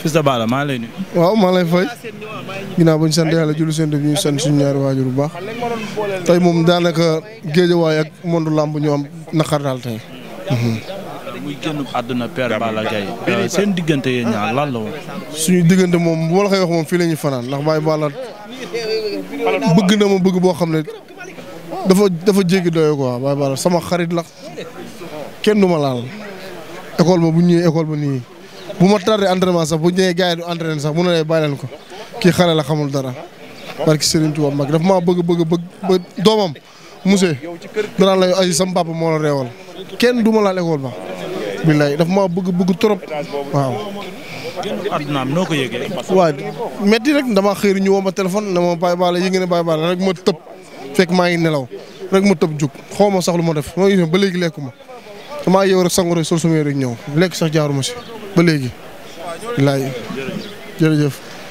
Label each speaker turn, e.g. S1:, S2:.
S1: Fils de maa lay nuyu.
S2: waaw maa lay fay ginnaaw ba ñu sant yàlla julli seen def ñu sant suñu ñaari waajur bu baax tey moom daanaka géejawaay ak mondu làmb ñu am naqar daal tey. Mhm.
S3: àdduna Père Balla euh, seen diggante yéen ñaar lan
S2: suñu diggante moom bu ma la moom fii la ñuy fanaan ndax Baye Balla bëgg na ma bëgg boo xam ne dafa dafa jéggi doyoo quoi Baye Balla sama xarit la kenn du ma laal école ba bu ñu ñëwee ba nii. bu ma tardé entraînement sax bu ñëwee gars yi du entraîné sax mu ne leen bàyyi leen ko kii xale la xamul dara barki Serigne mag dafa maa bëgg bëgg bëgg ba doomam monsieur danaan la ñu ay sam papa moo la reewal kenn du ma laal école ba billaay dafa maa bëgg bëgg trop waaw.
S4: addunaam noo ko yëgee. waaw
S2: métti rek damaa xëy ñu woo ma téléphone ne ma baala baale yi ngeen bàyyi rek ma tëb fekk maa ngi nelaw rek ma tëb jug xaw ma sax lu ma def maa ngi ba léegi lekkuma damaa yeew rek sangu rek sol sumee rek ñëw lekk sax jaaruma si. ba léegi. wallaay jërëjëf.